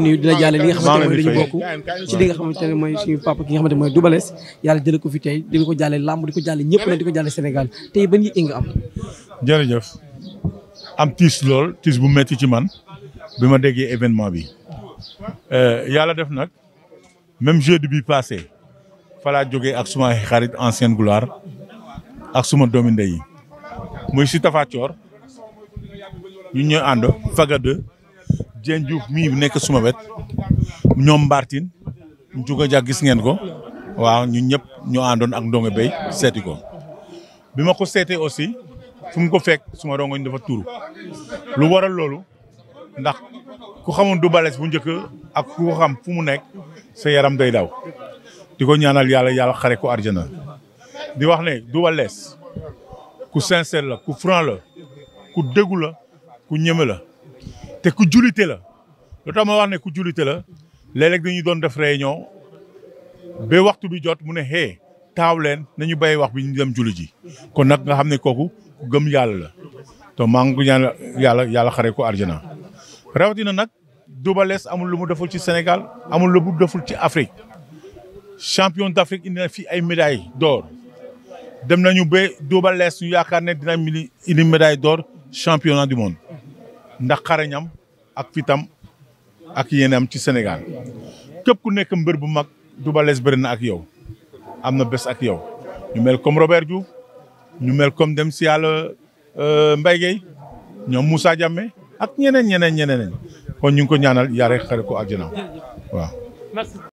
di nuyu dina jàlle li nga xamante ne mooy dañu bokk ci li nga xamante yàlla jële ko fi tey di ko jàlle làmb di ko jàlle ñëpp na di ko jàlle Sénégal tey ban yi nga am jërëjëf am tiis lool tiis bu metti ci man bi ma déggee événement bi euh, yàlla def nag même jeudi bi passé falaa jógee ak suma xarit ancienne gloire ak suma doomi ndey yi muy si Tafa Thior ñu ñëw ànd faga de Dieng Diouf mii nekk suma wet ñoom Mbartine Ndiouga Dia gis ngeen ko waaw ñu ñëpp ñu àndoon ak Ndongo Bay seeti ko bi ma ko seetee aussi fu mu ko fekk suma rongoñ dafa tuuru lu waral loolu ndax ku xamoon du balees bu njëkk ak ku xam fu mu nekk sa yaram day daw di ko ñaanal yàlla yàlla xare ko arjana di wax ne du bales ku sincère la ku franc la ku déggu la ku ñeme la te ku julite la lu tax ma wax ne ku julite la léeg-léeg ñu doon def réunion ba waxtu bi jot mu ne xee taaw leen nañu bay wax bi ñu dem julli ji kon nag nga xam ne kooku ku gëm yàlla la te maa ngi ñaan yàlla yàlla xare ko arjana rawatina nag Double amul lu mu deful ci Sénégal amul lu mu deful ci Afrique champion d'Afrique indi na fii ay médailles d'or dem nañu ba Double Less ñu yaakaar ne dina indi médaille d'or championnat du monde ndax xarañam ak fitam ak yéenam ci Sénégal képp ku nekk mbër bu mag Double Less bëri na ak yow am na bés ak yow ñu mel comme Robert Diouf ñu mel comme dem si yàlla euh, Mbaye Guèye ñoom Moussa Diame ak ñeneen ñeneen ñeneen kon ñu ngi ko ñaanal yare xare ko àjjana waaw